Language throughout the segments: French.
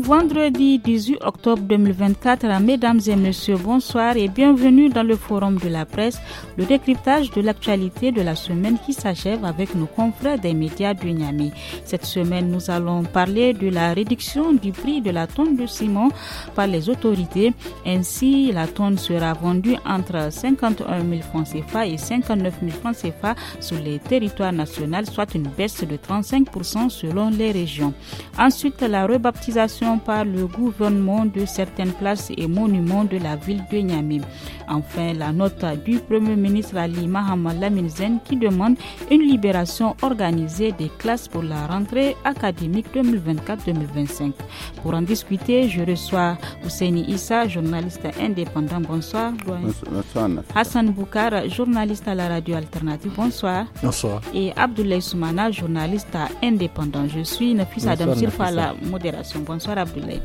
vendredi 18 octobre 2024. Mesdames et messieurs, bonsoir et bienvenue dans le Forum de la presse, le décryptage de l'actualité de la semaine qui s'achève avec nos confrères des médias du Niamey. Cette semaine, nous allons parler de la réduction du prix de la tonne de ciment par les autorités. Ainsi, la tonne sera vendue entre 51 000 francs CFA et 59 000 francs CFA sur les territoires nationaux, soit une baisse de 35% selon les régions. Ensuite, la rebaptisation par le gouvernement de certaines places et monuments de la ville de Niamey. Enfin, la note du Premier ministre Ali Mahamad Laminzen qui demande une libération organisée des classes pour la rentrée académique 2024-2025. Pour en discuter, je reçois Ousseini Issa, journaliste indépendant. Bonsoir. Bonsoir. Hassan Boukar, journaliste à la radio alternative. Bonsoir. Bonsoir. Et Abdoulaye Soumana, journaliste indépendant. Je suis Nafis Adam à la modération. Bonsoir Abdoulaye.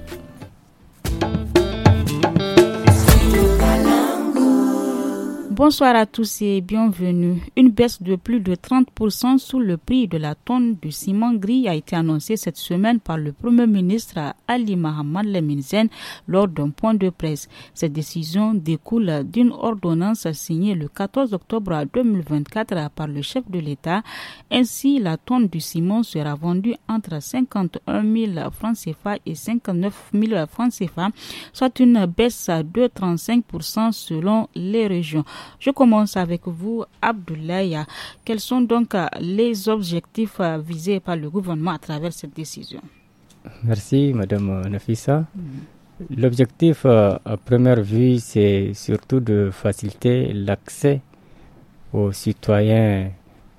Bonsoir à tous et bienvenue. Une baisse de plus de 30% sous le prix de la tonne du ciment gris a été annoncée cette semaine par le Premier ministre Ali Mohamed Leminzen lors d'un point de presse. Cette décision découle d'une ordonnance signée le 14 octobre 2024 par le chef de l'État. Ainsi, la tonne du ciment sera vendue entre 51 000 francs CFA et 59 000 francs CFA, soit une baisse de 35% selon les régions. Je commence avec vous, Abdoulaye. Quels sont donc euh, les objectifs euh, visés par le gouvernement à travers cette décision Merci, Madame euh, Nafissa. Mm. L'objectif, à première vue, c'est surtout de faciliter l'accès aux citoyens,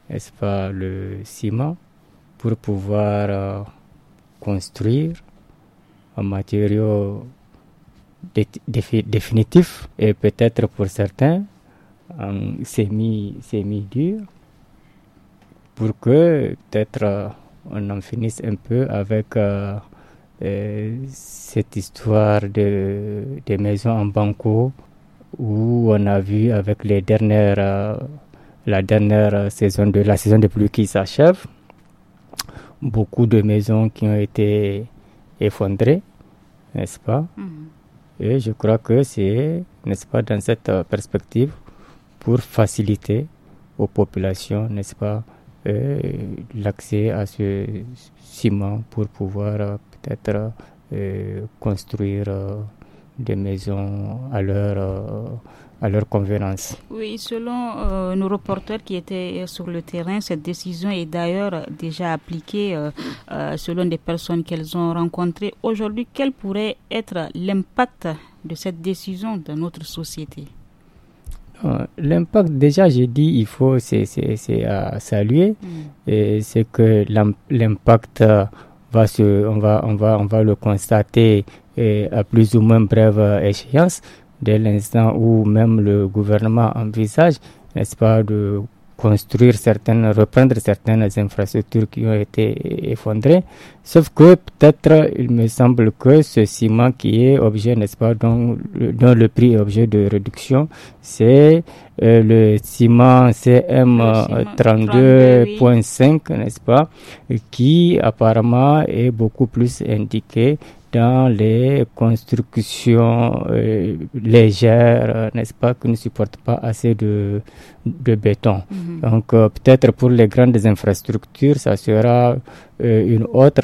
n'est-ce pas, le ciment, pour pouvoir construire un matériau définitif et peut-être pour certains en euh, semi, semi-dur pour que peut-être euh, on en finisse un peu avec euh, cette histoire de, des maisons en banco où on a vu avec les dernières, la dernière saison de la saison de pluie qui s'achève, beaucoup de maisons qui ont été effondrées, n'est-ce pas? Mhm. Et je crois que c'est, n'est-ce pas, dans cette perspective pour faciliter aux populations, n'est-ce pas, euh, l'accès à ce ciment pour pouvoir euh, peut-être euh, construire des maisons à leur à leur convenance. Oui, selon nos reporters qui étaient sur le terrain, cette décision est d'ailleurs déjà appliquée selon des personnes qu'elles ont rencontrées. Aujourd'hui, quel pourrait être l'impact de cette décision dans notre société euh, l'impact, déjà, j'ai dit, il faut c'est, euh, saluer. Mm. et C'est que l'impact euh, va se, on va, on va, on va le constater à plus ou moins brève échéance, dès l'instant où même le gouvernement envisage, n'est-ce pas, de construire certaines, reprendre certaines infrastructures qui ont été effondrées. Sauf que peut-être, il me semble que ce ciment qui est objet, n'est-ce pas, dont, le prix est objet de réduction, c'est euh, le ciment CM32.5, n'est-ce pas, qui apparemment est beaucoup plus indiqué dans les constructions euh, légères, n'est-ce pas, qui ne supportent pas assez de, de béton. Mm-hmm. Donc euh, peut-être pour les grandes infrastructures, ça sera euh, une autre,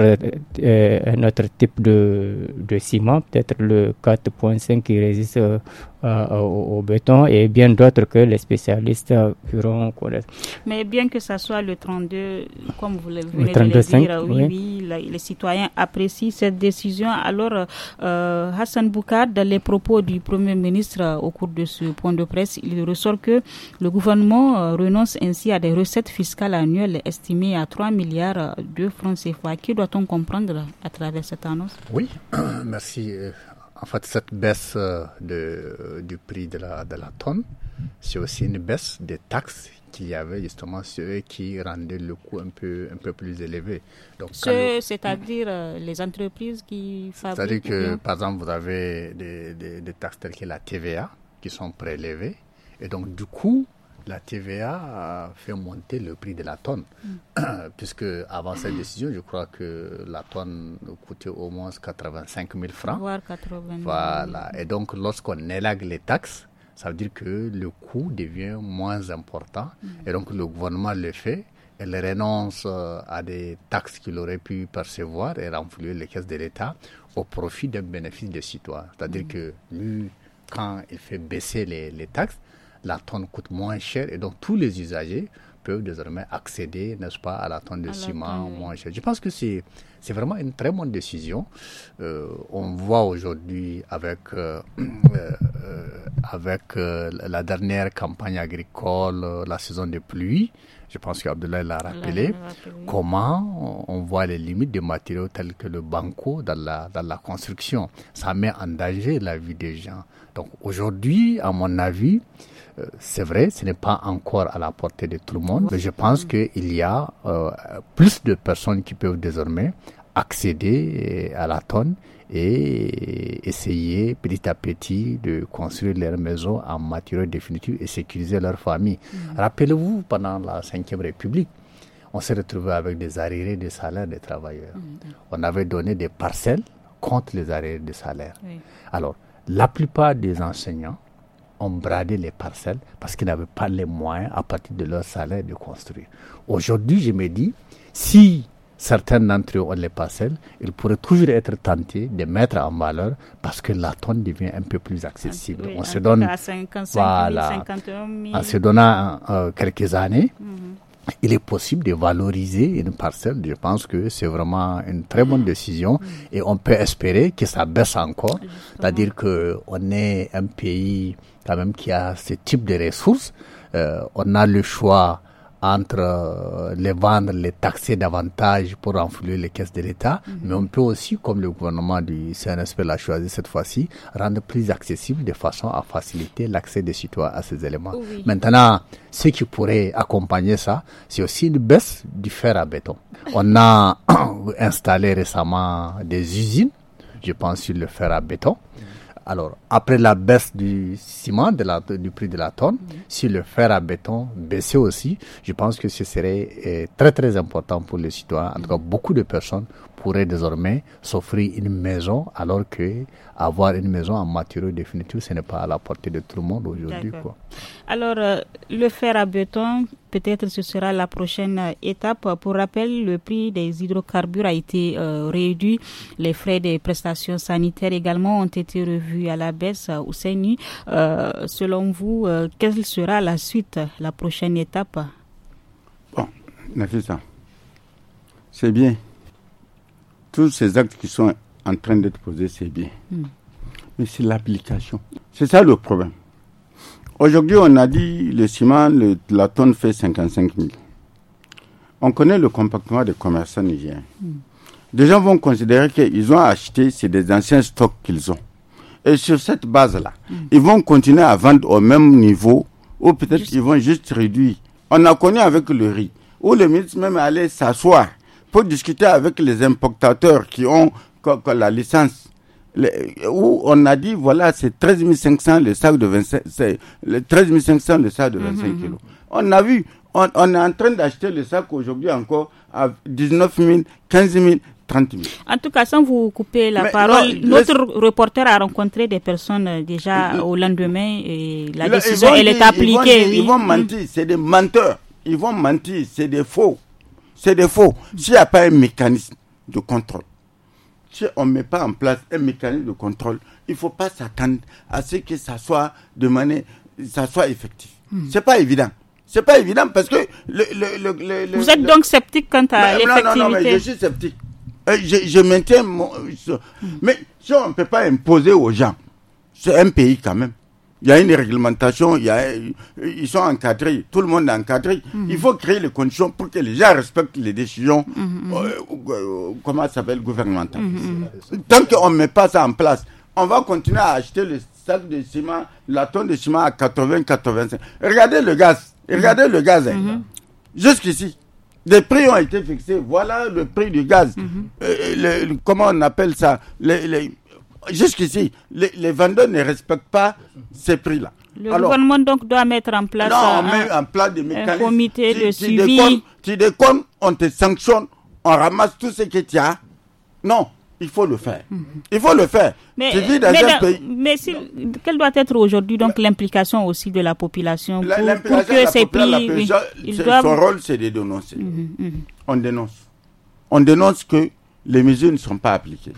euh, un autre type de, ciment, peut-être le 4.5 qui résiste euh, au, béton et bien d'autres que les spécialistes pourront connaître. Mais bien que ce soit le 32, comme vous le venez dire, oui, oui. les citoyens apprécient cette décision. Alors, Hassan Boukad dans les propos du Premier ministre au cours de ce point de presse, il ressort que le gouvernement renonce ainsi à des recettes fiscales annuelles estimées à 3 milliards de francs ces fois Que doit-on comprendre à travers cette annonce Oui, merci. Euh, en fait, cette baisse euh, de, du prix de la, de la tonne, c'est aussi une baisse des taxes qu'il y avait justement ceux qui rendaient le coût un peu, un peu plus élevé. Donc, c'est-à-dire euh, les entreprises qui fabriquent. C'est-à-dire que, par exemple, vous avez des, des, des taxes telles que la TVA qui sont prélevées. Et donc, du coup, la TVA a fait monter le prix de la tonne. Mm. Puisque avant cette décision, je crois que la tonne coûtait au moins 85 000 francs. Voire 80 Voilà. Et donc, lorsqu'on élague les taxes, ça veut dire que le coût devient moins important. Mm. Et donc, le gouvernement le fait. Il renonce euh, à des taxes qu'il aurait pu percevoir et renflouer les caisses de l'État au profit d'un bénéfice des citoyens. C'est-à-dire mm. que lui, quand il fait baisser les taxes, la tonne coûte moins cher et donc tous les usagers peuvent désormais accéder, n'est-ce pas, à la tonne de ciment moins cher. Je pense que c'est c'est vraiment une très bonne décision. Euh, on voit aujourd'hui avec, euh, euh, avec la dernière campagne agricole, la saison des pluies, je pense qu'Abdoulaye l'a rappelé, comment on voit les limites des matériaux tels que le banco dans la, dans la construction. Ça met en danger la vie des gens. Donc aujourd'hui, à mon avis, euh, c'est vrai, ce n'est pas encore à la portée de tout le monde, mais je pense qu'il y a euh, plus de personnes qui peuvent désormais accéder euh, à la tonne et essayer petit à petit de construire leur maison en matériaux définitifs et sécuriser leur famille. Mm. Rappelez-vous, pendant la Ve République, on s'est retrouvé avec des arriérés de salaire des travailleurs. Mm, on avait donné des parcelles contre les arriérés de salaire. Alors, la plupart des enseignants ont bradé les parcelles parce qu'ils n'avaient pas les moyens à partir de leur salaire de construire. Aujourd'hui, je me dis, si certains d'entre eux ont les parcelles, ils pourraient toujours être tentés de mettre en valeur parce que la tonne devient un peu plus accessible. on, se donne, voilà, se donnant euh, quelques années, mhm il est possible de valoriser une parcelle. Je pense que c'est vraiment une très bonne mm. décision mm. et on peut espérer que ça baisse encore. C'est-à-dire que on est un pays quand même qui a ce type de ressources. Euh, on a le choix entre euh, les vendre, les taxer davantage pour renflouer les caisses de l'État, mhm. mais on peut aussi, comme le gouvernement du CNSP l'a choisi cette fois-ci, rendre plus accessible de façon à faciliter l'accès des citoyens à ces éléments. Maintenant, ce qui pourrait accompagner ça, c'est aussi une baisse du fer à béton. On a installé récemment des usines, je pense sur le fer à béton. Mhm. Alors, après la baisse du ciment, du prix de la tonne, si le fer à béton baissait aussi, je pense que ce serait euh, très très important pour les citoyens. En tout cas, beaucoup de personnes pourraient désormais s'offrir une maison, alors que avoir une maison en matériaux définitifs, ce n'est pas à la portée de tout le monde aujourd'hui. Alors, euh, le fer à béton, Peut-être ce sera la prochaine étape. Pour rappel, le prix des hydrocarbures a été euh, réduit. Les frais des prestations sanitaires également ont été revus à la baisse euh, au CENI. Euh, selon vous, quelle sera la suite, la prochaine étape Bon, ça. c'est bien. Tous ces actes qui sont en train d'être posés, c'est bien. Hmm. Mais c'est l'application. C'est ça le problème. Aujourd'hui, on a dit le ciment, le, la tonne fait 55 000. On connaît le comportement des commerçants nigériens. Hmm. Des gens vont considérer qu'ils ont acheté, c'est des anciens stocks qu'ils ont. Et sur cette base-là, hmm. ils vont continuer à vendre au même niveau, ou peut-être ils vont juste réduire. On a connu avec le riz, où le ministre même allait s'asseoir pour discuter avec les importateurs qui ont la licence où on a dit, voilà, c'est 13 500 le sac de 25, c'est le le sac de 25 mhm, mhm. kilos. On a vu, on, est en train d'acheter le sac aujourd'hui encore à 19 000, 15 000, 30 000. En tout cas, sans vous couper la parole, notre reporter a rencontré des personnes euh, déjà au lendemain et la décision, elle est appliquée. Ils vont, ils vont mentir, mm. c'est des menteurs. Ils vont mentir, c'est des faux. C'est des faux. S'il n'y a pas un mécanisme de contrôle, si on ne met pas en place un mécanisme de contrôle, il ne faut pas s'attendre à ce que ça soit de manière, ça soit effectif. Hmm. Ce n'est pas évident. Ce n'est pas évident parce que le, vous êtes donc sceptique quant à l'effectivité. Non, non, non, mais je suis sceptique. Euh, je, maintiens mon, hmm. mais si on ne peut pas imposer aux gens, c'est un pays quand même. Il y a une réglementation, ils sont encadrés, tout le monde est encadré. Mhm. Il faut créer les conditions pour que les gens respectent les décisions, mhm, mhm. Euh, euh, comment ça s'appelle, gouvernementales. Tant qu'on ne met pas ça en place, on va continuer à acheter le sac de ciment, la tonne de ciment à 80-85. Regardez le gaz, regardez le gaz. Hein. Jusqu'ici, les prix ont été fixés. Voilà le prix du gaz. Euh, comment on appelle ça les jusqu'ici, les, les, vendeurs ne respectent pas ces prix-là. Le gouvernement donc doit mettre en place un, comité de suivi. tu déconnes, on te sanctionne, on ramasse tout ce que tu as. Non, il faut le faire. Mhm. Il faut le faire. Mais, quelle doit être aujourd'hui donc l'implication aussi de la population pour, que ces prix. doivent... Son rôle, c'est de dénoncer. Mhm, mhm. On dénonce. On dénonce que les mesures ne sont pas appliquées.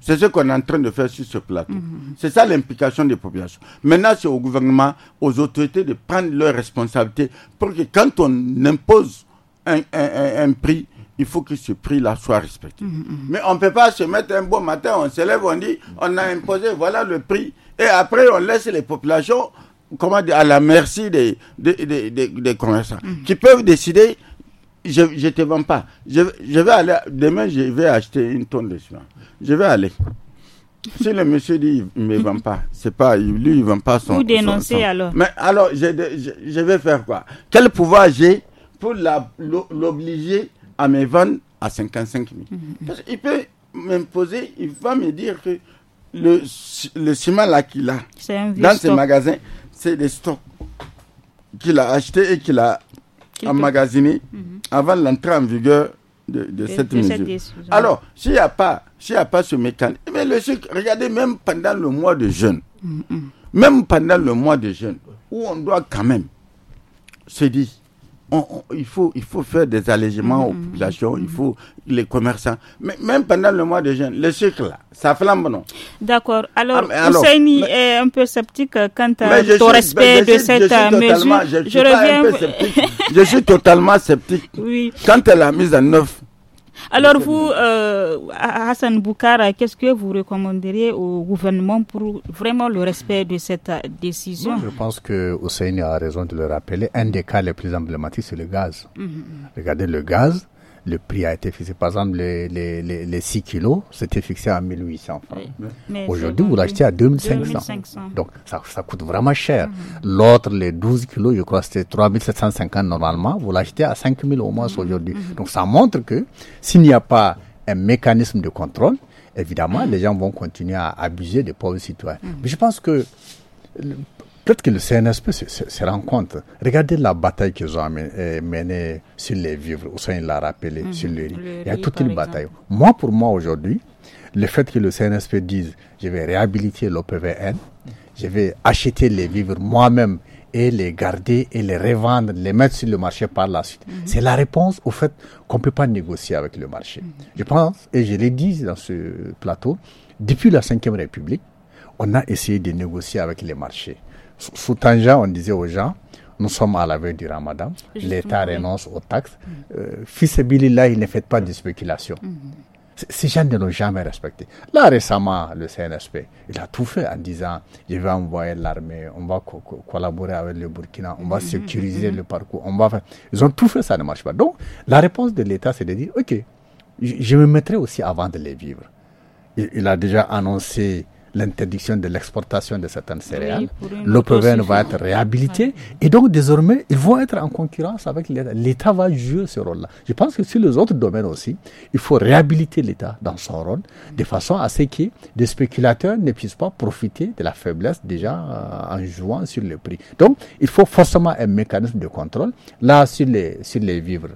C'est ce qu'on est en train de faire sur ce plateau. C'est ça l'implication des populations. Maintenant, c'est au gouvernement, aux autorités de prendre leurs responsabilités pour que quand on impose un, prix, il faut que ce prix-là soit respecté. Mm, mm, mm. Mais on ne peut pas se mettre un beau matin, on se lève, on dit, on a imposé, voilà le prix. Et après, on laisse les populations comment à la merci des, commerçants qui peuvent décider je ne te vends pas. Je, vais aller, demain, je vais acheter une tonne de ciment. Je vais aller. Si le monsieur dit qu'il ne me vend pas, c'est pas lui, il ne vend pas son. Vous dénoncez alors. Mais alors, je, vais faire quoi Quel pouvoir j'ai pour l'obliger à me vendre à 55 000 Il peut m'imposer, il va me dire que le, ciment là qu'il a dans ses magasins, c'est des stocks qu'il a acheté et qu'il a emmagasinés mhm. avant l'entrée en vigueur de, cette mesure. Alors, s'il n'y a pas, s'il a pas ce mécanisme, regardez, même pendant le mois de jeûne, mhm. même pendant le mois de jeûne, où on doit quand même se dire, il, faut, il faut faire des allégements aux mm-hmm. populations, il mm-hmm. faut les commerçants. Mais même pendant le mois de juin, le cycle, ça flambe, non D'accord. Alors, ah, est un peu sceptique quant au respect de cette mesure. Je suis, sceptique. je suis totalement sceptique. Oui. Quant à la mise en œuvre alors vous, euh, Hassan Boukara, qu'est-ce que vous recommanderiez au gouvernement pour vraiment le respect de cette décision Je pense que Hussein a raison de le rappeler. Un des cas les plus emblématiques, c'est le gaz. Mhm, mhm. Regardez le gaz le prix a été fixé. Par exemple, les, les, 6 kilos, c'était fixé à 1800 francs. Aujourd'hui, vous l'achetez à 2500. Donc, ça, coûte vraiment cher. Mhm. L'autre, les 12 kilos, je crois que c'était 3750 normalement, vous l'achetez à 5000 au moins mhm. aujourd'hui. Mhm. Donc, ça montre que s'il n'y a pas un mécanisme de contrôle, évidemment, les gens vont continuer à abuser des pauvres citoyens. Mais je pense que Peut-être que le CNSP se, rend compte. Regardez la bataille qu'ils ont euh, menée sur les vivres. Hussein l'a rappelé, mhm. sur le Il y a toute une bataille. Moi, pour moi, aujourd'hui, le fait que le CNSP dise je vais réhabiliter l'OPVN, je vais acheter les vivres moi-même et les garder et les revendre, les mettre sur le marché par la suite. Mhm. C'est la réponse au fait qu'on ne peut pas négocier avec le marché. Mhm. Je pense, et je l'ai dit dans ce plateau, depuis la Ve République, on a essayé de négocier avec les marchés sous on disait aux gens, nous sommes à la veille du ramadan, l'État renonce aux taxes. Mm. Euh, fils là, il ne fait pas de spéculation. Mm. Ces gens ne l'ont jamais respecté. Là, récemment, le CNSP, il a tout fait en disant je vais envoyer l'armée, on va collaborer avec le Burkina, on va mm-hmm. sécuriser mm-hmm. le parcours, on va faire. Ils ont tout fait, ça ne marche pas. Donc, la réponse de l'État, c'est de dire ok, je me mettrai aussi avant de les vivre. il a déjà annoncé l'interdiction de l'exportation de certaines céréales. le problème va être réhabilité. Et donc, désormais, ils vont être en concurrence avec l'État. L'État va jouer ce rôle-là. Je pense que sur les autres domaines aussi, il faut réhabiliter l'État dans son rôle, de façon à ce que des spéculateurs ne puissent pas profiter de la faiblesse déjà euh, en jouant sur le prix. Donc, il faut forcément un mécanisme de contrôle. Là, sur les, sur les vivres,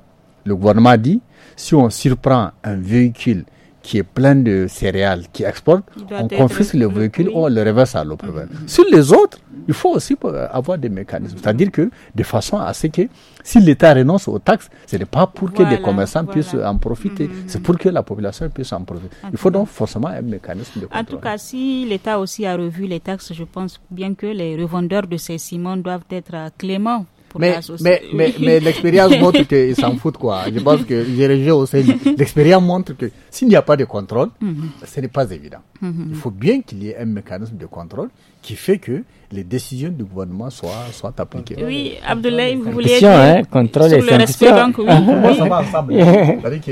le gouvernement dit, si on surprend un véhicule qui est plein de céréales, qui exporte, on confisque le véhicule, on le reverse à l'opérateur. Mm-hmm. Sur les autres, il faut aussi euh, avoir des mécanismes. Mm-hmm. C'est-à-dire que, de façon à ce que, si l'État renonce aux taxes, ce n'est pas pour que les des commerçants puissent en profiter, mm-hmm. c'est pour que la population puisse en profiter. Il faut donc forcément un mécanisme de contrôle. En tout cas, si l'État aussi a revu les taxes, je pense bien que les revendeurs de ces ciments doivent être euh, cléments mais, Mais, mais, l'expérience montre qu'ils s'en foutent, quoi. Je pense que L'expérience montre que s'il n'y a pas de contrôle, mhm. ce n'est pas évident. Mhm. Il faut bien qu'il y ait un mécanisme de contrôle qui fait que les décisions du gouvernement soient, soient appliquées. Oui, Abdoulaye, vous vouliez dire hein, sur respect, va ensemble. cest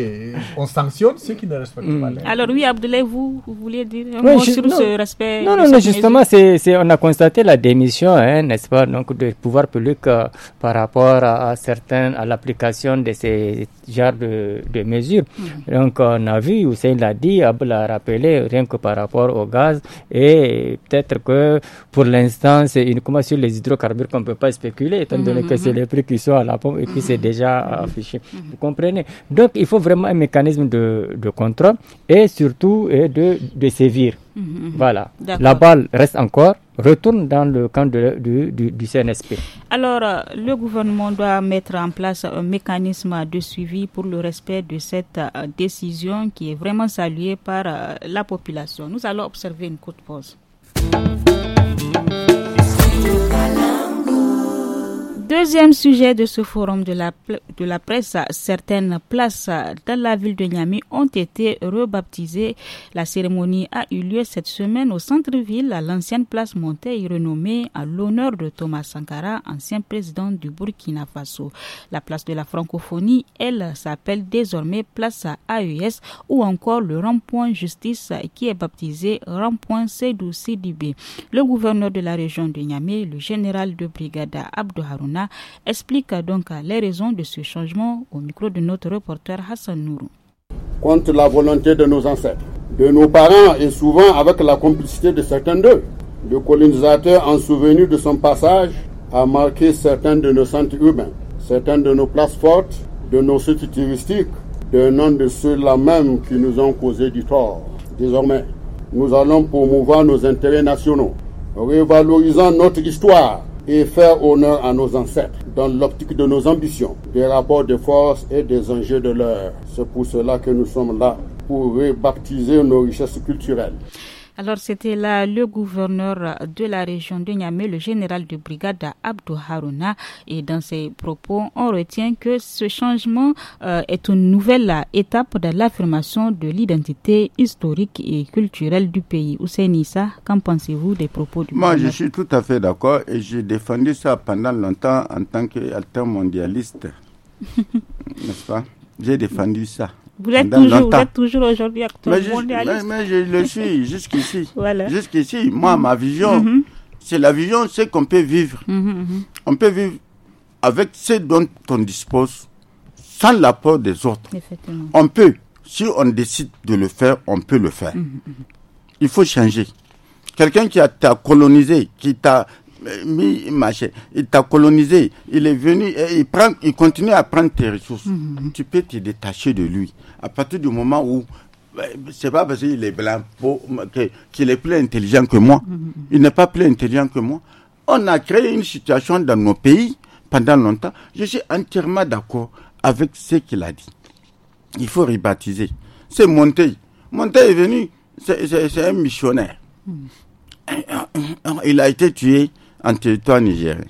qu'on euh, sanctionne ceux qui ne respectent pas mm. les... Alors oui, Abdoulaye, vous, vouliez dire un mot sur ce respect Non, non, non justement, c'est, on a constaté la démission, hein, n'est-ce pas, donc, du pouvoir public euh, par rapport à, certains, à l'application de ces genres de, de mesures. Mm. Donc, on a vu, Hussein l'a dit, Abdel l'a rappelé, rien que par rapport au gaz, et peut-être que pour l'instant, maintenant, une uniquement sur les hydrocarbures qu'on ne peut pas spéculer, étant donné mhm, que mhm. c'est les prix qui sont à la pompe et puis mhm. c'est déjà affiché. Vous comprenez Donc, il faut vraiment un mécanisme de, de contrôle et surtout et de, de sévir. Voilà. La balle reste encore, retourne dans le camp de, du, du, CNSP. Alors, euh, le gouvernement doit mettre en place un mécanisme de suivi pour le respect de cette euh, décision qui est vraiment saluée par euh, la population. Nous allons observer une courte pause. Deuxième sujet de ce forum de la, de la presse, certaines places dans la ville de Niamey ont été rebaptisées. La cérémonie a eu lieu cette semaine au centre-ville, à l'ancienne place Montaigne renommée à l'honneur de Thomas Sankara, ancien président du Burkina Faso. La place de la francophonie, elle, s'appelle désormais place AES ou encore le rond-point justice qui est baptisé rond-point cdb Le gouverneur de la région de Niamey, le général de brigade Abdou explique donc les raisons de ce changement au micro de notre reporter Hassan Nourou. Contre la volonté de nos ancêtres, de nos parents et souvent avec la complicité de certains d'eux, le colonisateur, en souvenir de son passage, a marqué certains de nos centres urbains, certains de nos places fortes, de nos sites touristiques, de nom de ceux-là même qui nous ont causé du tort. Désormais, nous allons promouvoir nos intérêts nationaux, revalorisant notre histoire et faire honneur à nos ancêtres dans l'optique de nos ambitions, des rapports de force et des enjeux de l'heure. C'est pour cela que nous sommes là, pour rebaptiser nos richesses culturelles. Alors c'était là le gouverneur de la région de Niamey, le général de brigade Abdou Harouna. Et dans ses propos, on retient que ce changement euh, est une nouvelle étape dans l'affirmation de l'identité historique et culturelle du pays. Nissa, qu'en pensez-vous des propos du Moi, je suis tout à fait d'accord et j'ai défendu ça pendant longtemps en tant qu'altermondialiste. N'est-ce pas J'ai défendu ça. Vous toujours, êtes toujours aujourd'hui acteur mais, mais, je le suis jusqu'ici. Jusqu'ici, moi, mhm. ma vision, mhm. c'est la vision, c'est qu'on peut vivre. Mhm, on peut vivre avec ce dont on dispose, sans l'apport des autres. On peut, si on décide de le faire, on peut le faire. Il faut changer. Quelqu'un qui t'a colonisé, qui t'a il t'a colonisé, il est venu et il prend, il continue à prendre tes ressources. Mhm. Tu peux te détacher de lui. À partir du moment où bah, c'est pas parce qu'il est blanc qu'il est plus intelligent que moi. Mhm. Il n'est pas plus intelligent que moi. On a créé une situation dans nos pays pendant longtemps. Je suis entièrement d'accord avec ce qu'il a dit. Il faut rebaptiser. C'est Montaigne. Montaigne est venu, c'est un missionnaire. Mhm. Il a été tué en territoire nigérien.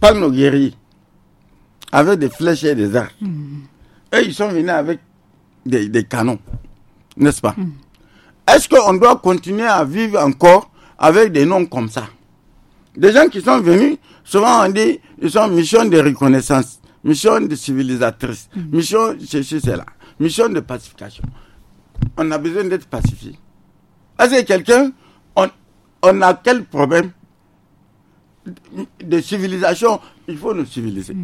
pas nos guerriers, avec des flèches et des arcs. Mm. Et ils sont venus avec des, canons, n'est-ce pas mm. Est-ce qu'on doit continuer à vivre encore avec des noms comme ça Des gens qui sont venus, souvent on dit, ils sont mission de reconnaissance, mission de civilisatrice, mm. mission mission de pacification. On a besoin d'être pacifié. est que quelqu'un, on, on a quel problème de civilisation, il faut nous civiliser.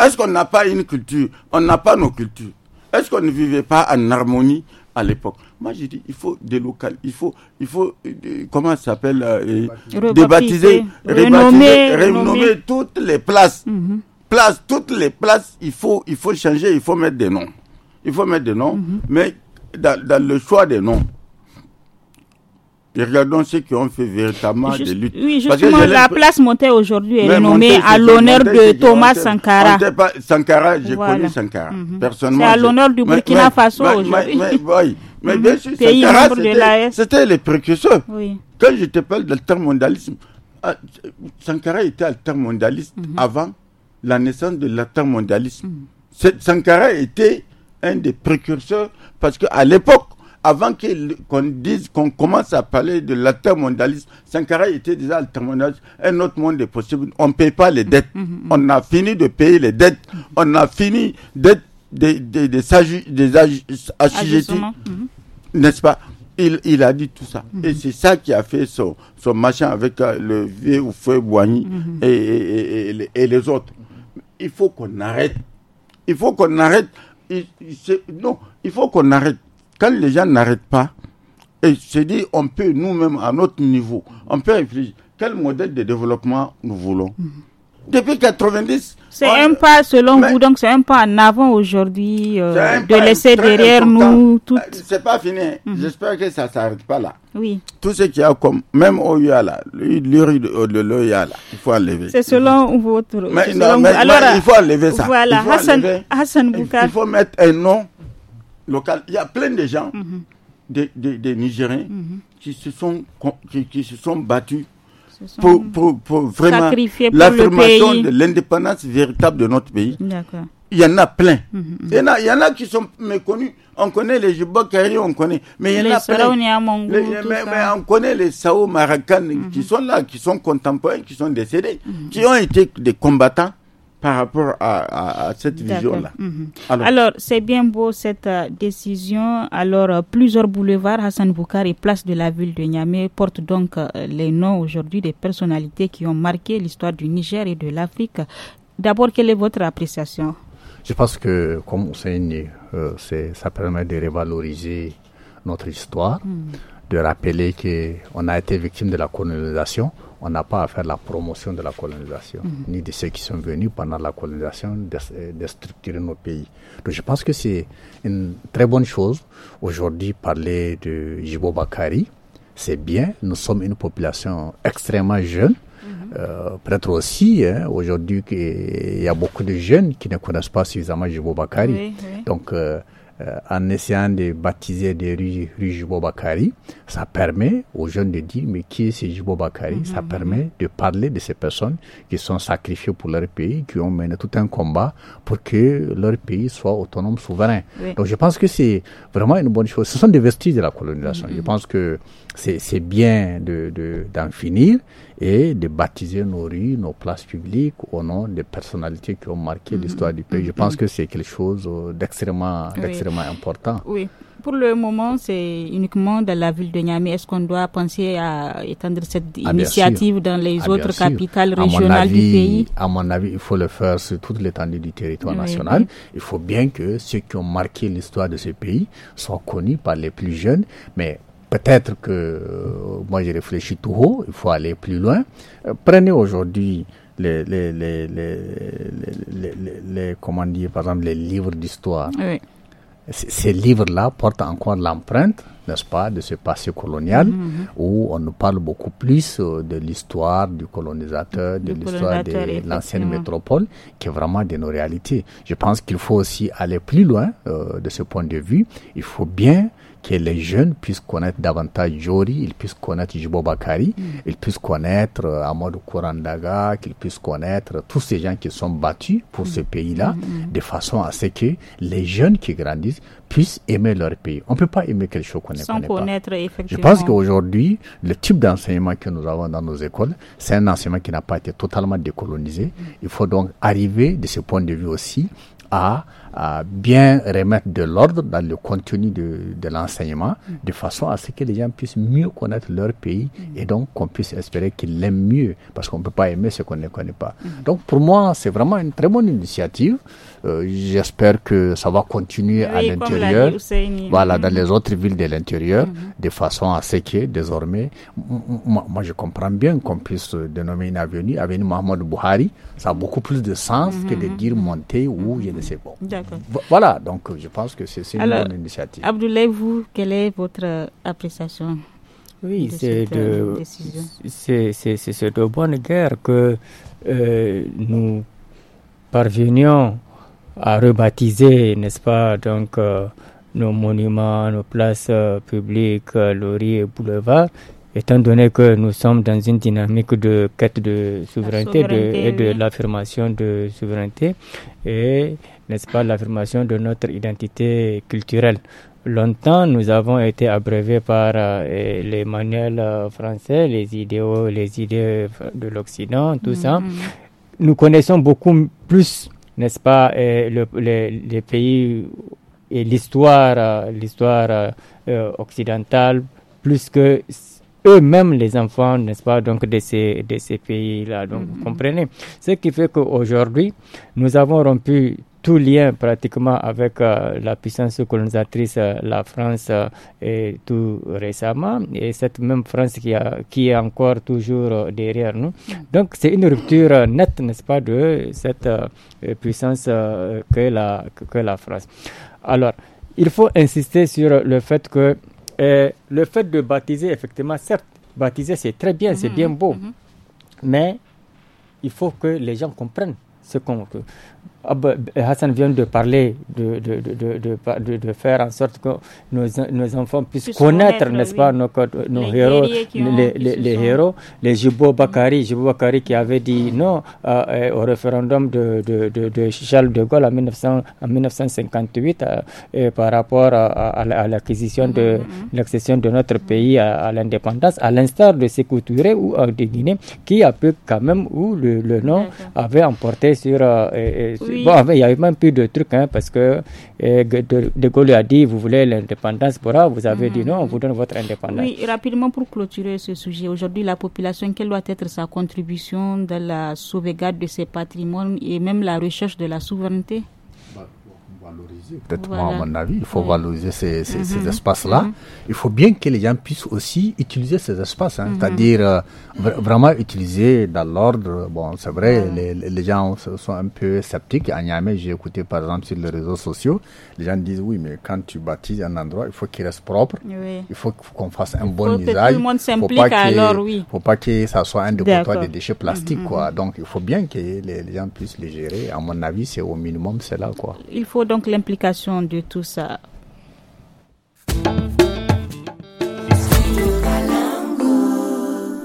Est-ce qu'on n'a pas une culture On n'a pas nos cultures. Est-ce qu'on ne vivait pas en harmonie à l'époque Moi, je dit, il faut délocaliser, il faut, il faut euh, comment ça s'appelle euh, Débaptiser, renommer, renommer toutes les places. Places, mm-hmm. Place, toutes les places, il faut, il faut changer, il faut mettre des noms. Il faut mettre des noms, mm-hmm. mais dans le choix des noms, et regardons ceux qui ont fait véritablement des luttes. Oui, justement, Parce que la place montée aujourd'hui est nommée à l'honneur de Thomas Sankara. Sankara, j'ai connu Sankara. Personnellement. Mhm. C'est à l'honneur du Burkina Faso aujourd'hui. Mais, mais, mhm. bien sûr, Pays c'était les précurseurs. Quand je te parle d'altermondialisme, ah, Sankara était altermondialiste mhm. avant la naissance de l'altermondalisme Sankara était un des précurseurs parce qu'à l'époque, avant qu'on dise, qu'on commence à parler de mondialiste, Sankara était déjà altermondialiste. Un autre monde est possible. On ne paye pas les dettes. Mm, mm, mm, On a fini de payer les dettes. On a fini d'être des, des, des, assujettis. N'est-ce pas? Il, a dit tout ça. Et c'est ça qui a fait son, son machin avec euh, le vieux ou feu Boigny et, les autres. Il faut qu'on arrête. Il faut qu'on arrête. non, il faut qu'on arrête quand les gens n'arrêtent pas, et se dit, on peut nous-mêmes, à notre niveau, on peut réfléchir quel modèle de développement nous voulons. Mhm. Depuis 90. C'est un pas, selon vous, donc c'est un pas en avant aujourd'hui euh, de laisser derrière nous tout. Euh, c'est pas fini. Mhm. J'espère que ça s'arrête pas là. Oui. Tout ce qu'il y a comme, même au là, le là, euh, il faut enlever. C'est selon votre. Mais, Alors, il faut enlever ça. Voilà, Il faut mettre un nom il y a plein de gens, mhm. des, Nigériens, mhm. qui, se sont, qui, qui se sont battus pour, pour, pour, vraiment l'affirmation de l'indépendance véritable de notre pays. Il y en a plein. Mhm, il, y en a, qui sont méconnus. On connaît les Jibokari, on connaît. Mais il y en a plein. mais, on connaît les Sao Marakan qui sont là, qui sont contemporains, qui sont décédés, qui ont été des combattants par rapport à, cette vision-là. Mhm. Alors, c'est bien beau cette euh, décision. Alors, euh, plusieurs boulevards, Hassan Boukar et place de la ville de Niamey portent donc euh, les noms aujourd'hui des personnalités qui ont marqué l'histoire du Niger et de l'Afrique. D'abord, quelle est votre appréciation Je pense que, comme on sait, ça permet de revaloriser notre histoire, hmm. de rappeler qu'on a été victime de la colonisation on n'a pas à faire la promotion de la colonisation, mhm. ni de ceux qui sont venus pendant la colonisation euh, de, structurer nos pays. Donc je pense que c'est une très bonne chose. Aujourd'hui, parler de Jibo Bakari, c'est bien. Nous sommes une population extrêmement jeune. Mhm. Euh, peut-être aussi, hein, aujourd'hui, il y a beaucoup de jeunes qui ne connaissent pas suffisamment Jibo Bakari. Donc, euh, euh, en essayant de baptiser des rues, rues Bakari, ça permet aux jeunes de dire mais qui est ce Jubobakari mm-hmm, Ça mm-hmm. permet de parler de ces personnes qui sont sacrifiées pour leur pays, qui ont mené tout un combat pour que leur pays soit autonome, souverain. Donc je pense que c'est vraiment une bonne chose. Ce sont des vestiges de la colonisation. Je mm-hmm, pense que c'est bien d'en finir et de baptiser nos rues, nos places publiques au nom des personnalités qui ont marqué mm-hmm. l'histoire du pays. Je pense mm-hmm. que c'est quelque chose euh, d'extrêmement important. Oui. Pour le moment, c'est uniquement dans la ville de Niamey. Est-ce qu'on doit penser à étendre cette ah, initiative dans les ah, autres capitales régionales du pays À mon avis, il faut le faire sur toute l'étendue du territoire national. Il faut bien que ceux qui ont marqué l'histoire de ce pays soient connus par les plus jeunes, mais peut-être que euh, moi j'ai réfléchi tout haut, il faut aller plus loin. Euh, prenez aujourd'hui les les, les, les, les, par exemple, les livres d'histoire. Ces livres-là portent encore l'empreinte, n'est-ce pas, de ce passé colonial, mhm, mhm. où on nous parle beaucoup plus euh, de l'histoire du colonisateur, de l'histoire de l'ancienne métropole, qui est vraiment de nos réalités. Je pense qu'il faut aussi aller plus loin de ce point de vue. Il faut bien que les jeunes puissent connaître davantage Jori, ils puissent connaître Jibo Bakari, mm. ils puissent connaître euh, Amadou Kurandaga, qu'ils puissent connaître tous ces gens qui sont battus pour mm. ce pays-là, mm, de façon à ce que les jeunes qui grandissent puissent aimer leur pays. On ne peut pas aimer quelque chose qu'on ne connaît connaître, pas. Effectivement. Je pense qu'aujourd'hui, le type d'enseignement que nous avons dans nos écoles, c'est un enseignement qui n'a pas été totalement décolonisé. Il faut donc arriver de ce point de vue aussi à, bien remettre de l'ordre dans le contenu de, de l'enseignement, mm. de façon à ce que les gens puissent mieux connaître leur pays mm. et donc qu'on puisse espérer qu'ils l'aiment mieux, parce qu'on ne peut pas aimer ce qu'on ne connaît pas. Mm. Donc pour moi, c'est vraiment une très bonne initiative. Euh, j'espère que ça va continuer à l'intérieur, voilà, dans mhm. les autres villes de l'intérieur, mhm. de façon à ce ait désormais, moi, je comprends bien qu'on puisse euh, dénommer une avenue avenue Mohamed Bouhari, ça a beaucoup plus de sens que de mhm. dire monter ou je ne sais pas. Voilà, donc euh, je pense que c'est une bonne initiative. Abdoulaye, vous, quelle est votre appréciation oui, c'est de, c'est de bonne guerre que nous parvenions à rebaptiser, n'est-ce pas, donc euh, nos monuments, nos places euh, publiques, euh, et Boulevard, étant donné que nous sommes dans une dynamique de quête de souveraineté, et de l'affirmation de souveraineté et, n'est-ce pas, l'affirmation de notre identité culturelle. Longtemps, nous avons été abreuvés par euh, les manuels français, les idéaux, les idées de l'Occident, tout ça. Mm-hmm. Nous connaissons beaucoup plus n'est-ce pas, le, les, les, pays et l'histoire, euh, l'histoire euh, euh, occidentale, plus que eux-mêmes les enfants, n'est-ce pas, donc de ces, de ces pays-là. Donc, vous mhm. comprenez. Ce qui fait qu'aujourd'hui, nous avons rompu tout lien pratiquement avec euh, la puissance colonisatrice, euh, la France, euh, et tout récemment, et cette même France qui, a, qui est encore toujours derrière nous. Mhm. Donc c'est une rupture nette, n'est-ce pas, de cette puissance que, la, que la France. Alors, il faut insister sur le fait que et euh, le fait de baptiser, effectivement, certes, baptiser, c'est très bien, c'est mhm, bien beau. Mhm. Mais il faut que les gens comprennent ce qu'on. Hassan vient de parler de, de, faire en sorte que nos, enfants puissent connaître, n'est-ce pas, nos, nos héros, les, héros, les Jibo Bakari, qui avait dit mm. non euh, euh, au référendum de, Charles de Gaulle en, 1958 euh, et par rapport à, l'acquisition de mm-hmm. l'accession de notre mm-hmm. pays à, l'indépendance, à l'instar de Sékou Touré ou de Guinée, qui a pu quand même, où le, nom avait emporté sur. Bon, il n'y a même plus de trucs, hein, parce que eh, de, Gaulle a dit vous voulez l'indépendance, vous avez mhm. dit non, on vous donne votre indépendance. Oui, rapidement pour clôturer ce sujet, aujourd'hui, la population, quelle doit être sa contribution dans la sauvegarde de ses patrimoines et même la recherche de la souveraineté valoriser. Peut-être moi, à mon avis, il faut valoriser ces, ces, mm-hmm. espaces-là. Mm-hmm. Il faut bien que les gens puissent aussi utiliser ces espaces, hein. mm-hmm. c'est-à-dire euh, vraiment utiliser dans l'ordre. Bon, c'est vrai, les, les, gens sont un peu sceptiques. À Niamey, j'ai écouté par exemple sur les réseaux sociaux, les gens disent oui, mais quand tu bâtis un endroit, il faut qu'il reste propre. Il faut qu'on fasse un bon usage. alors, oui. Il ne faut pas que ça soit un dépotoir de déchets plastiques, quoi. Donc, il faut bien que les, les gens puissent les gérer. À mon avis, c'est au minimum, c'est là, quoi. Il faut donc l'implication de tout ça.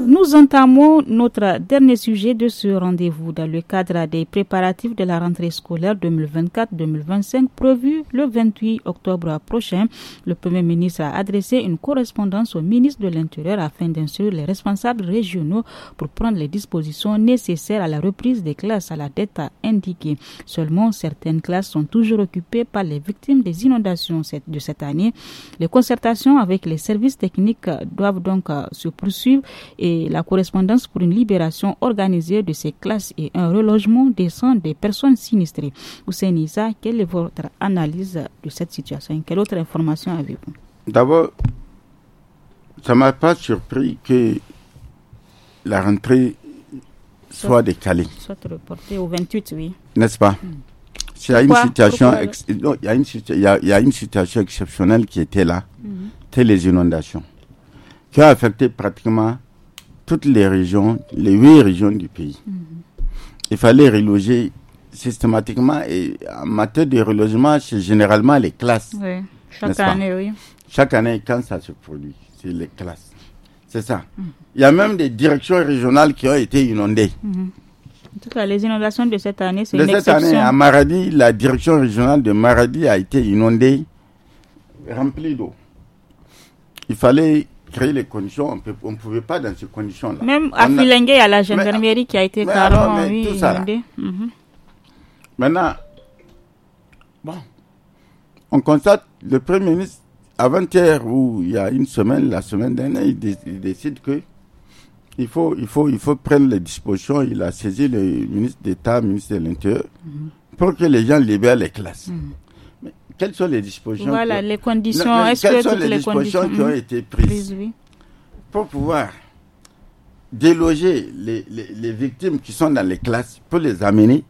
nous entamons notre dernier sujet de ce rendez-vous dans le cadre des préparatifs de la rentrée scolaire 2024-2025 prévue le 28 octobre prochain. Le Premier ministre a adressé une correspondance au ministre de l'Intérieur afin d'instruire les responsables régionaux pour prendre les dispositions nécessaires à la reprise des classes à la dette indiquée. Seulement, certaines classes sont toujours occupées par les victimes des inondations de cette année. Les concertations avec les services techniques doivent donc euh, se poursuivre et la correspondance pour une libération organisée de ces classes et un relogement décent des personnes sinistrées. Nisa, quelle est votre analyse de cette situation Quelle autre information avez-vous D'abord, ça m'a pas surpris que la rentrée soit, décalée. Soit reportée au 28, oui. N'est-ce pas Il y, a une situation il, a situation exceptionnelle qui était là, hmm. telle les inondations, qui a affecté pratiquement toutes les régions, les huit régions du pays. Mhm. Il fallait reloger systématiquement et en matière de relogement, c'est généralement les classes. Chaque année, oui. Chaque année, quand ça se produit, c'est les classes. C'est ça. Mhm. Il y a même des directions régionales qui ont été inondées. Mhm. En tout cas, les inondations de cette année, c'est une exception. Cette année, à Maradi, la direction régionale de Maradi a été inondée, remplie d'eau. Il fallait créer les conditions. On ne pouvait pas dans ces conditions-là. Même à Filengue, à la gendarmerie qui a été carrément mhm. Maintenant, on constate le Premier ministre, avant-hier ou il y a une semaine, la semaine dernière, il, décide que il faut, il, faut, il faut prendre les dispositions. Il a saisi le ministre d'État, le ministre de l'Intérieur, mhm. pour que les gens libèrent les classes. Mhm quelles sont les dispositions Voilà, les conditions. Est-ce que les, qui ont été prises, pour pouvoir déloger les, victimes qui sont dans les classes pour les amener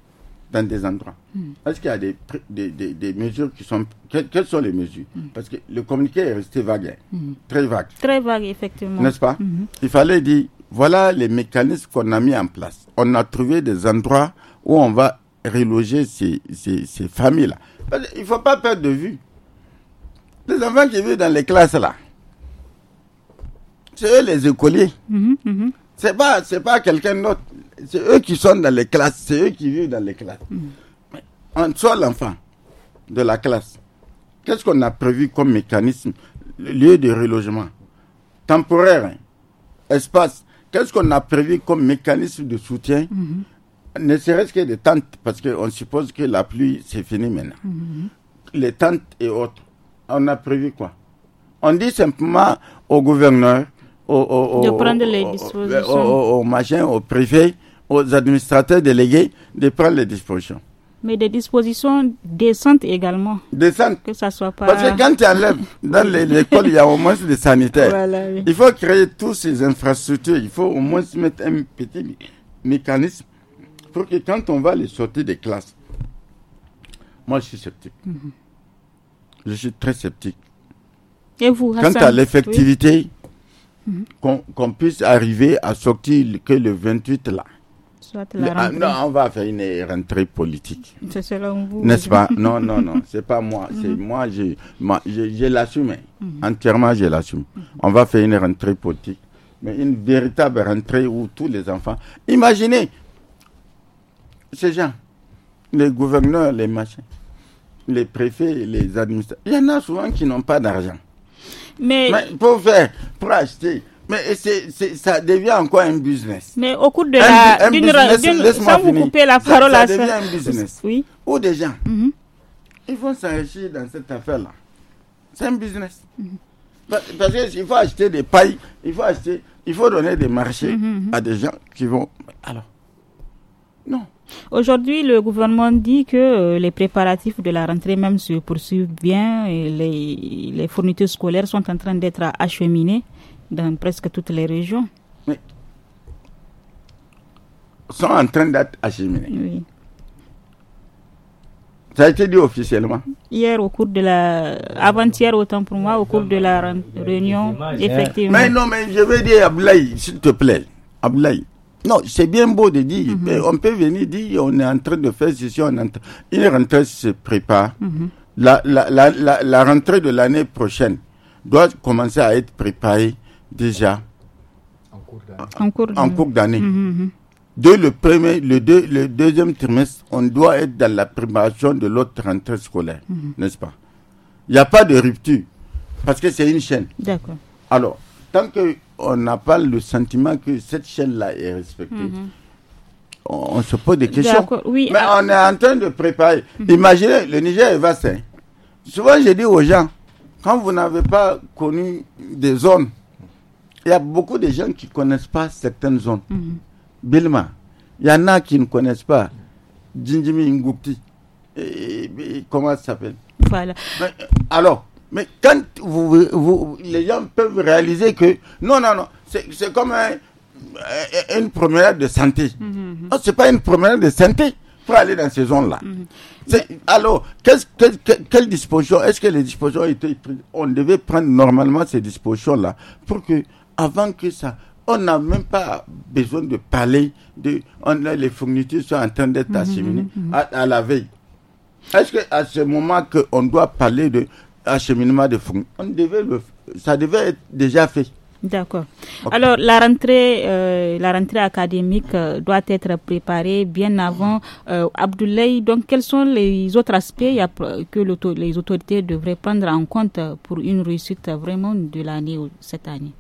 dans des endroits hmm. Est-ce qu'il y a des, des, des, mesures qui sont. quelles sont les mesures hmm. Parce que le communiqué est resté vague, hein. hmm. très vague. Très vague, effectivement. N'est-ce pas Il fallait dire voilà les mécanismes qu'on a mis en place. On a trouvé des endroits où on va reloger ces familles-là. Il ne faut pas perdre de vue. Les enfants qui vivent dans les classes là, c'est eux les écoliers. Ce mhm, n'est mhm. C'est pas, c'est pas quelqu'un d'autre. C'est eux qui sont dans les classes. C'est eux qui vivent dans les classes. En mhm. soit l'enfant de la classe. Qu'est-ce qu'on a prévu comme mécanisme Lieu de relogement. Temporaire. Hein. Espace. Qu'est-ce qu'on a prévu comme mécanisme de soutien ne serait-ce que des tentes, parce qu'on suppose que la pluie, c'est fini maintenant. Mhm. Les tentes et autres, on a prévu quoi On dit simplement au gouverneur, au, au, au, de les dispositions. au aux administrateurs délégués de prendre les dispositions. Mais des dispositions décentes également. Décentes. Que ça soit pas. Parce que quand tu enlèves, dans l'école, il y a au moins des sanitaires. Il faut créer toutes ces infrastructures. Il faut au moins mettre un petit mécanisme que quand on va les sortir des classes, moi je suis sceptique. Mhm. Je suis très sceptique. Et vous, Quant à l'effectivité, mhm. qu'on puisse arriver à sortir que le 28 là. Ah, non, on va faire une rentrée politique. C'est selon vous. N'est-ce pas Non, non, non, c'est pas moi. C'est mhm. moi, je, l'assume. Hein. Entièrement, je l'assume. On va faire une rentrée politique. Mais une véritable rentrée où tous les enfants. Imaginez, ces gens, les gouverneurs, les machins, les préfets, les administrateurs, il y en a souvent qui n'ont pas d'argent. Mais... pour faire, pour acheter. Mais ça devient encore un business. Mais au cours de la. Un business, vous couper la parole ça, devient un business. Oui. Ou des gens, mhm. ils vont s'enrichir dans cette affaire-là. C'est un business. Mhm. Parce, qu'il faut acheter des pailles, il faut acheter, il faut donner des marchés mhm, à des gens qui vont. Alors, non. Aujourd'hui, le gouvernement dit que euh, les préparatifs de la rentrée même se poursuivent bien et les, fournitures scolaires sont en train d'être acheminées dans presque toutes les régions. Oui. Sont en train d'être acheminées. Oui. Ça a été dit officiellement Hier, au cours de la. Avant-hier, autant pour moi, au cours de la réunion, effectivement. Mais non, mais je veux dire, Ablaï, s'il te plaît. Ablaï, non, c'est bien beau de dire, mhm. on peut venir dire on est en train de faire ceci, on est en train... Une rentrée se prépare. Mhm. la, la, la, la, rentrée de l'année prochaine doit commencer à être préparée déjà en cours d'année. Mhm, Dès le premier, le, le deuxième trimestre, on doit être dans la préparation de l'autre rentrée scolaire, n'est-ce pas Il n'y a pas de rupture, parce que c'est une chaîne. D'accord. Alors, tant que on n'a pas le sentiment que cette chaîne-là est respectée. on, se pose des questions. Mais ah. on est en train de préparer. Imaginez, le Niger est vaste. Hein. Souvent, je dis aux gens, quand vous n'avez pas connu des zones, il y a beaucoup de gens qui ne connaissent pas certaines zones. Mhm. Bilma, il y en a qui ne connaissent pas. Djindjimi Ngoupti, comment ça s'appelle Voilà. Euh, alors, mais quand vous, les gens peuvent réaliser que non, non, non, c'est comme une promenade de santé. ce mhm, mhm. n'est pas une promenade de santé pour aller dans ces zones-là. Mhm. Alors, quelles dispositions, est-ce que les dispositions ont été prises On devait prendre normalement ces dispositions-là pour que, avant que ça on n'a même pas besoin de parler de on les fournitures sont en train d'être assimilées à, la veille. Est-ce que à ce moment qu'on doit parler de acheminement de fonds, on ça devait être déjà fait. D'accord. Alors la rentrée, euh, la rentrée académique euh, doit être préparée bien avant. Euh, Abdoulaye, donc quels sont les autres aspects que les autorités devraient prendre en compte pour une réussite vraiment de l'année ou cette année?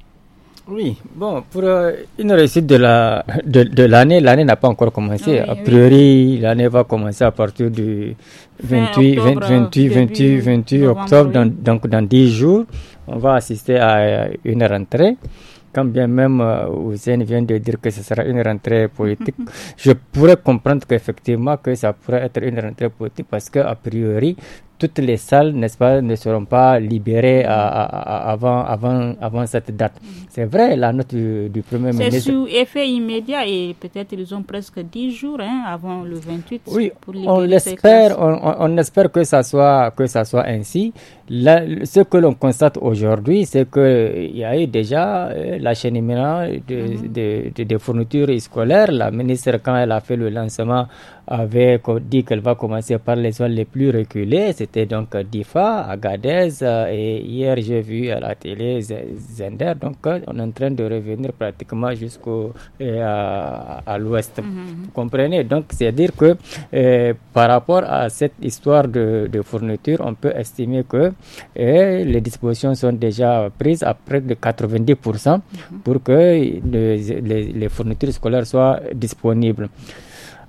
Oui, bon, pour euh, une réussite de la de, de l'année, l'année n'a pas encore commencé. a priori, l'année va commencer à partir du 28, octobre, 28, 28, octobre, donc dans 10 jours, on va assister à euh, une rentrée. Quand bien même euh, Hussein vient de dire que ce sera une rentrée politique, je pourrais comprendre qu'effectivement que ça pourrait être une rentrée politique parce qu'a a priori toutes les salles, n'est-ce pas, ne seront pas libérées avant, avant, avant cette date. Mm-hmm. C'est vrai, la note du, Premier ministre. C'est sous effet immédiat et peut-être ils ont presque 10 jours hein, avant le 28. Oui, on l'espère, on, on, espère que ça soit, que ça soit ainsi. ce que l'on constate aujourd'hui, c'est qu'il y a eu déjà la chaîne mm de, de, fournitures scolaires. La ministre, quand elle a fait le lancement avait dit qu'elle va commencer par les zones les plus reculées. C'était donc Difa, Agadez euh, et hier j'ai vu à la télé Zender. Donc euh, on est en train de revenir pratiquement jusqu'au euh, à, l'ouest. Mhm. Vous comprenez Donc c'est-à-dire que par rapport à cette histoire de, fourniture, on peut estimer que les dispositions sont déjà prises à près de 90% mhm. pour que les fournitures scolaires soient disponibles.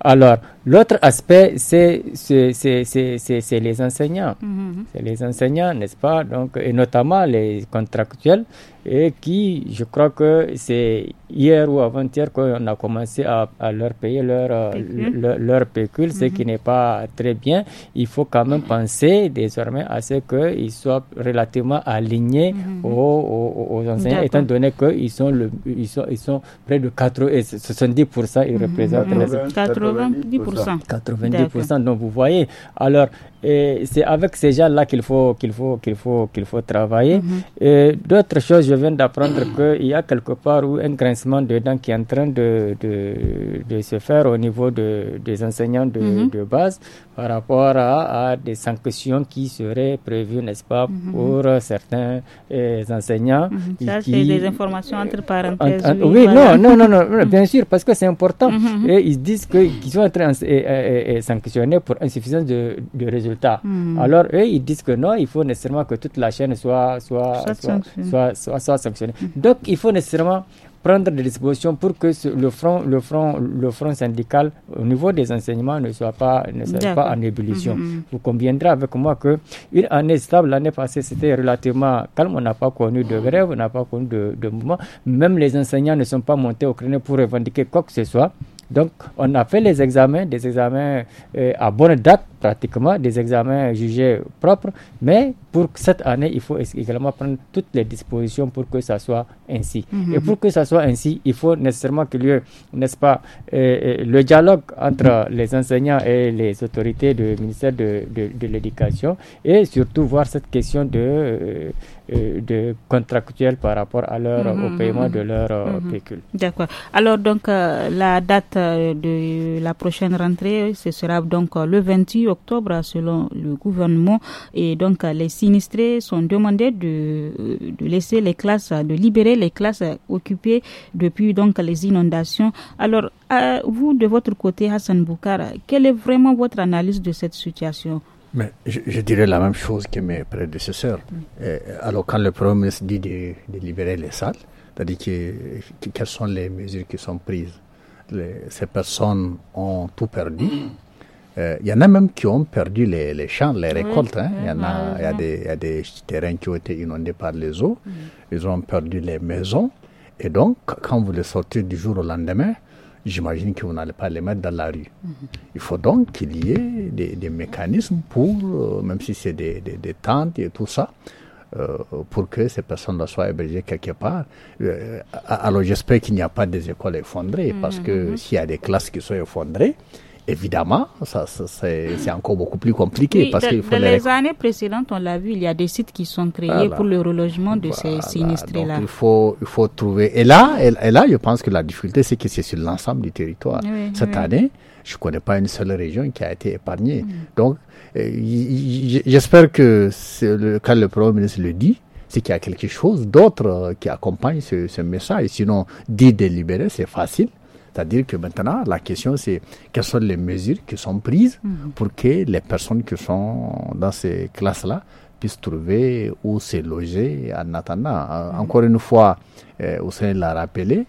Alors, L'autre aspect, c'est les enseignants. Mm-hmm. C'est les enseignants, n'est-ce pas Donc, Et notamment les contractuels, et qui, je crois que c'est hier ou avant-hier qu'on a commencé à, leur payer leur, euh, pécule. leur, pécule, ce qui mm-hmm. n'est pas très bien. Il faut quand même penser désormais à ce qu'ils soient relativement alignés mm-hmm. aux, aux, enseignants, étant donné qu'ils sont, ils sont, près de 70%, ils représentent les 92% 90%. Donc vous voyez, alors et c'est avec ces gens-là qu'il faut, qu'il faut, qu'il faut, qu'il faut travailler. Mhm. D'autres choses, je viens d'apprendre qu'il y a quelque part où un grincement de dents qui est en train de, de, se faire au niveau de, des enseignants de, mhm. base par rapport à, des sanctions qui seraient prévues, n'est-ce pas, mhm. pour certains euh, enseignants. Ça, c'est des informations entre parenthèses. oui, non, non, non, bien sûr, parce que c'est important. Et ils disent qu'ils sont en train euh, euh, pour insuffisance de, de résultats Hmm. Alors, eux, ils disent que non, il faut nécessairement que toute la chaîne soit, soit, soit, soit, sanctionnée. Hmm. Donc, il faut nécessairement prendre des dispositions pour que le, front, le, front, le front syndical au niveau des enseignements ne soit pas, ne soit pas en ébullition. Hmm, Vous conviendrez avec moi que année stable, l'année passée, c'était relativement calme. On n'a pas connu de grève, on n'a pas connu de, de mouvement. Même les enseignants ne sont pas montés au créneau pour revendiquer quoi que ce soit. Donc, on a fait les examens, des examens euh, à bonne date pratiquement, des examens jugés propres, mais pour cette année, il faut également prendre toutes les dispositions pour que ça soit ainsi. Mhm. Et pour que ça soit ainsi, il faut nécessairement que y n'est-ce pas, euh, euh, le dialogue entre les enseignants et les autorités du ministère de, l'éducation et surtout voir cette question de... Euh, de contractuels par rapport à leur, mhm, au paiement mhm, de leur euh, mhm. véhicule. D'accord. Alors donc euh, la date de la prochaine rentrée, ce sera donc le 28 octobre selon le gouvernement et donc les sinistrés sont demandés de, de laisser les classes, de libérer les classes occupées depuis donc les inondations. Alors vous de votre côté Hassan Boukara, quelle est vraiment votre analyse de cette situation? Mais je, dirais la même chose que mes prédécesseurs. Mm. alors, quand le Premier ministre dit de, libérer les salles, c'est-à-dire quelles sont les mesures qui sont prises Ces personnes ont tout perdu. Mm. Euh, il y en a même qui ont perdu les, champs, les récoltes. Hein. Il y en a, des, y a, des, terrains qui ont été inondés par les eaux. Mm. Ils ont perdu les maisons. Et donc, quand vous les sortez du jour au lendemain, j'imagine que vous n'allez pas les mettre dans la rue. Il faut donc qu'il y ait des, mécanismes pour, euh, même si c'est des, des, tentes et tout ça, euh, pour que ces personnes-là soient hébergées quelque part. Euh, alors j'espère qu'il n'y a pas des écoles effondrées, parce que mm-hmm. s'il y a des classes qui sont effondrées, Évidemment, ça, c'est encore beaucoup plus compliqué. parce dans les, années précédentes, on l'a vu, il y a des sites qui sont créés pour le relogement de ces sinistrés-là. Il faut, il faut trouver. Et là, et, là, je pense que la difficulté, c'est que c'est sur l'ensemble du territoire. Cette année, je ne connais pas une seule région qui a été épargnée. Mm. Donc, euh, j'espère que quand le Premier ministre le dit, c'est qu'il y a quelque chose d'autre euh, qui accompagne ce, ce message. Sinon, dit délibéré, c'est facile. C'est-à-dire que maintenant, la question, c'est quelles sont les mesures qui sont prises mm. pour que les personnes qui sont dans ces classes-là puissent trouver où se loger en attendant. Euh, mm. Encore une fois, eh, l'a rappelé,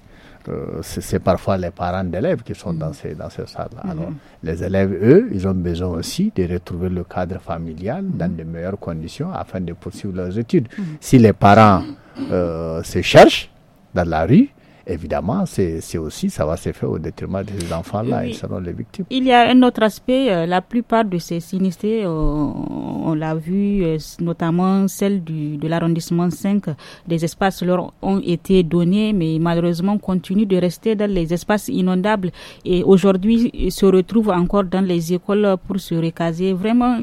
euh, c'est parfois les parents d'élèves qui sont mm. dans ces, dans salles-là. Mm-hmm. Alors, les élèves, eux, ils ont besoin aussi de retrouver le cadre familial mm-hmm. dans de meilleures conditions afin de poursuivre leurs études. Mm-hmm. Si les parents euh, se cherchent dans la rue, évidemment, c'est aussi, ça va se faire au détriment des enfants-là. et Ils seront les victimes. Il y a un autre aspect. Euh, la plupart de ces sinistrés, euh, on, l'a vu, euh, notamment celle du, de l'arrondissement 5, des espaces leur ont été donnés, mais malheureusement continuent de rester dans les espaces inondables et aujourd'hui se retrouvent encore dans les écoles pour se recaser. Vraiment,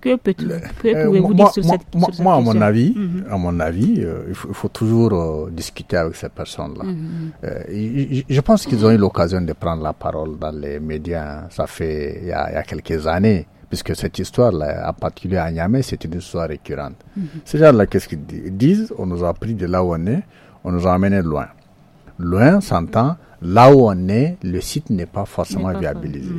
que, peut euh, pouvez-vous dire sur cette, question Moi, à mon avis, mhm. à mon avis euh, il, faut, toujours euh, discuter avec ces personnes-là. Mhm. je pense qu'ils ont eu l'occasion de prendre la parole dans les médias. Hein. Ça fait il y a, quelques années puisque cette histoire-là, en particulier à Niamey, c'est une histoire récurrente. cest mhm. Ces gens-là, qu'est-ce qu'ils disent On nous a pris de là où on est, on nous a amenés loin. Loin, s'entend, là où on est, le site n'est pas forcément viabilisé.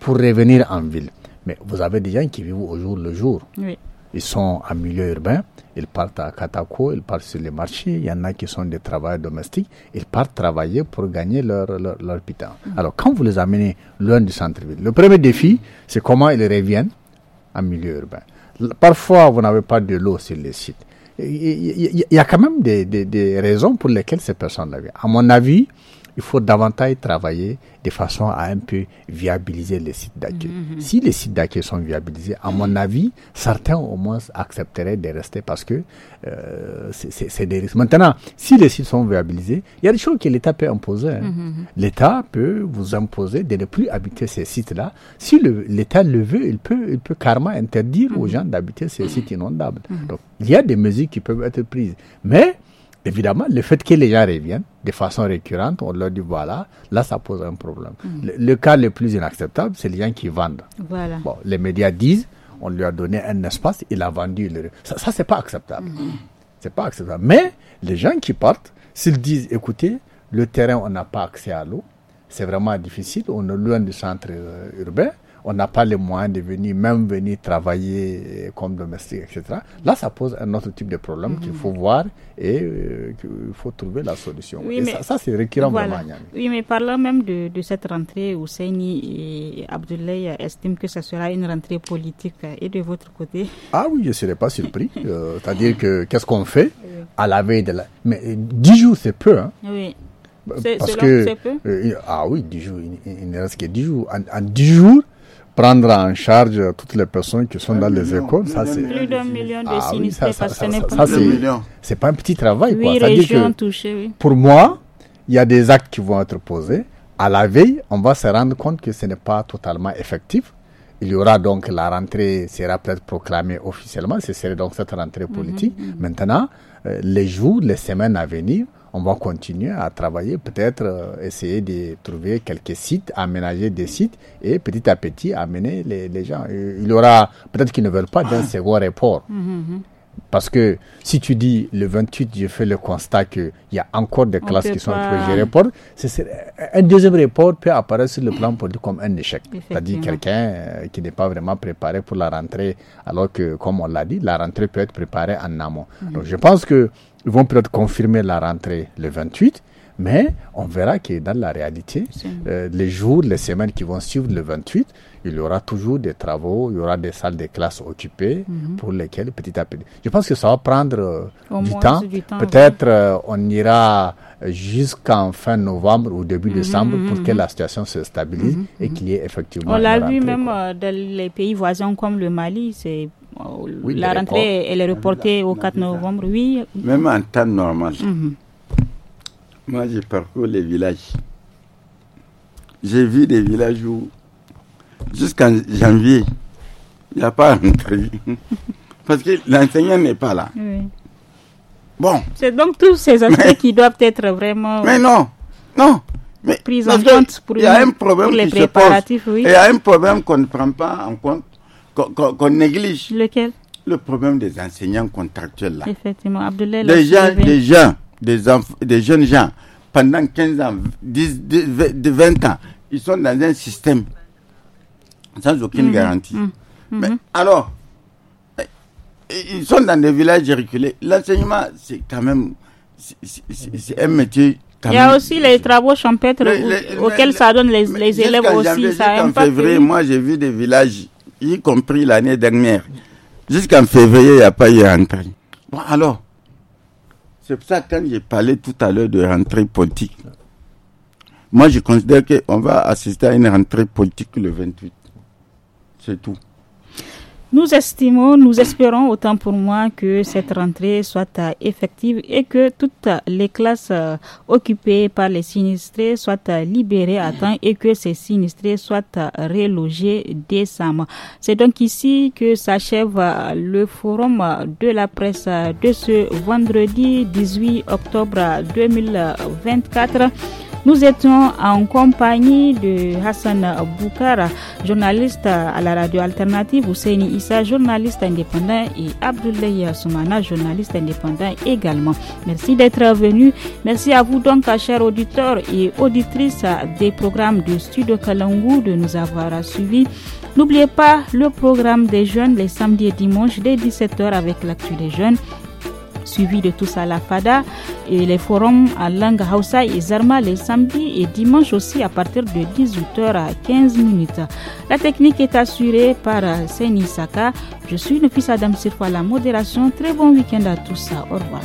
Pour revenir en ville, mais vous avez des gens qui vivent au jour le jour. Oui. Ils sont en milieu urbain, ils partent à Katako, ils partent sur les marchés, il y en a qui sont des travailleurs domestiques, ils partent travailler pour gagner leur, leur, mm. Alors quand vous les amenez loin du centre-ville, le premier défi, c'est comment ils reviennent en milieu urbain. Parfois, vous n'avez pas de l'eau sur les sites. Il y, a quand même des, des, des, raisons pour lesquelles ces personnes-là viennent. À mon avis, il faut davantage travailler de façon à un peu viabiliser les sites d'accueil. Mhm. Si les sites d'accueil sont viabilisés, à mon avis, certains au moins accepteraient de rester parce que euh, c'est des risques. Maintenant, si les sites sont viabilisés, il y a des choses que l'État peut imposer. Hein. Mhm, mhm. L'État peut vous imposer de ne plus habiter ces sites-là. Si l'État le, veut, il peut, il peut carrément interdire aux gens d'habiter ces sites inondables. Donc, il y a des mesures qui peuvent être prises. Mais Évidemment, le fait que les gens reviennent de façon récurrente, on leur dit voilà, là ça pose un problème. Hmm. Le, cas le plus inacceptable, c'est les gens qui vendent. Bon, les médias disent, on lui a donné un espace, il a vendu. Ça, ce c'est pas acceptable. Hmm. C'est pas acceptable. Mais les gens qui partent, s'ils disent écoutez, le terrain, on n'a pas accès à l'eau, c'est vraiment difficile, on est loin du centre euh, urbain, on n'a pas les moyens de venir, même venir travailler euh, comme domestique, etc. Là, ça pose un autre type de problème qu'il faut mhm. voir et euh, qu'il faut trouver la solution. Oui, mais, ça, c'est récurrent vraiment. Oui, mais parlant même de, cette rentrée, où Seyni et Abdoulaye estiment que ça sera une rentrée politique. Hein, et de votre côté Ah oui, je ne serais pas surpris. Euh, c'est-à-dire que qu'est-ce qu'on fait à la veille de la... Mais 10 jours, c'est peu. Hein? Oui. Bah, parce que... Peu? ah oui, 10 jours. Il, ne reste que 10 jours. en 10 jours, prendre en charge toutes les personnes qui sont dans les écoles, ça c'est... Plus d'un million de ah, sinistrés, ça, ça, ça, c'est pas un petit travail. Quoi. dit que Pour moi, il y a des actes qui vont être posés. À la veille, on va se rendre compte que ce n'est pas totalement effectif. Il y aura donc la rentrée sera peut-être proclamée officiellement, ce serait donc cette rentrée mhm, politique. Mhm. Maintenant, euh, les jours, les semaines à venir, on va continuer à travailler, peut-être euh, essayer de trouver quelques sites, aménager des sites et petit à petit amener les, gens. Il y aura peut-être qu'ils ne veulent pas d'un second report. Parce que si tu dis le 28, je fais le constat qu'il y a encore des classes qui sont en projet report, un deuxième report peut apparaître sur le plan politique comme un échec. C'est-à-dire quelqu'un euh, qui n'est pas vraiment préparé pour la rentrée, alors que, comme on l'a dit, la rentrée peut être préparée en amont. Hum. Donc je pense que ils vont peut-être confirmer la rentrée le 28, mais on verra que dans la réalité, euh, les jours, les semaines qui vont suivre le 28, il y aura toujours des travaux, il y aura des salles de classe occupées mhm. pour lesquelles petit à petit. Je pense que ça va prendre euh, du, temps. Peut-être euh, on ira jusqu'en fin novembre ou début mhm, décembre pour mhm, que la situation se stabilise et qu'il y ait effectivement. On l'a vu même dans les pays voisins comme le Mali, c'est la rentrée, oh. elle est reportée au 4 novembre, oui. Même en temps normal. Mhm. Moi, j'ai parcouru les villages. J'ai vu des villages où, jusqu'en janvier, il n'y a pas rentré Parce que l'enseignant n'est pas là. Bon. C'est donc tous ces aspects qui doivent être vraiment. non, non. pris en compte pour, les préparatifs. a un Il y a un problème qu'on ne prend pas en compte qu'on néglige. Lequel Le problème des enseignants contractuels là. Effectivement, Abdoulaye. Des gens, des des, jeunes gens, pendant 15 ans, 10, 20 ans, ils sont dans un système sans aucune mhm. garantie. Mhm. Mais mhm. alors, eh, ils sont dans des villages reculés. L'enseignement, c'est quand même, c'est un métier il y a aussi les travaux champêtres auxquels ça donne les, élèves aussi. ça en février, moi j'ai vu des villages y compris l'année dernière. Jusqu'en février, il n'y a pas eu rentrée. Bon, alors, c'est pour ça que quand j'ai parlé tout à l'heure de rentrée politique, moi je considère qu'on va assister à une rentrée politique le 28. C'est tout. Nous estimons, nous espérons autant pour moi que cette rentrée soit effective et que toutes les classes euh, occupées par les sinistrés soient euh, libérées à temps et que ces sinistrés soient euh, relogés décembre. C'est donc ici que s'achève le forum de la presse de ce vendredi 18 octobre 2024. Nous étions en compagnie de Hassan Boukara, journaliste à la radio alternative, Ousseini Issa, journaliste indépendant, et Abdoulaye Soumana, journaliste indépendant également. Merci d'être venu. Merci à vous donc, chers auditeurs et auditrices des programmes de Studio Kalangu, de nous avoir suivis. N'oubliez pas le programme des jeunes les samedis et dimanches dès 17h avec l'actu des jeunes suivi de tous à la FADA et les forums à langue Hausa et Zarma les samedis et dimanche aussi à partir de 18h à 15 minutes. La technique est assurée par Seni Saka. Je suis le fils Adam Sirfo à la modération. Très bon week-end à tous. Au revoir.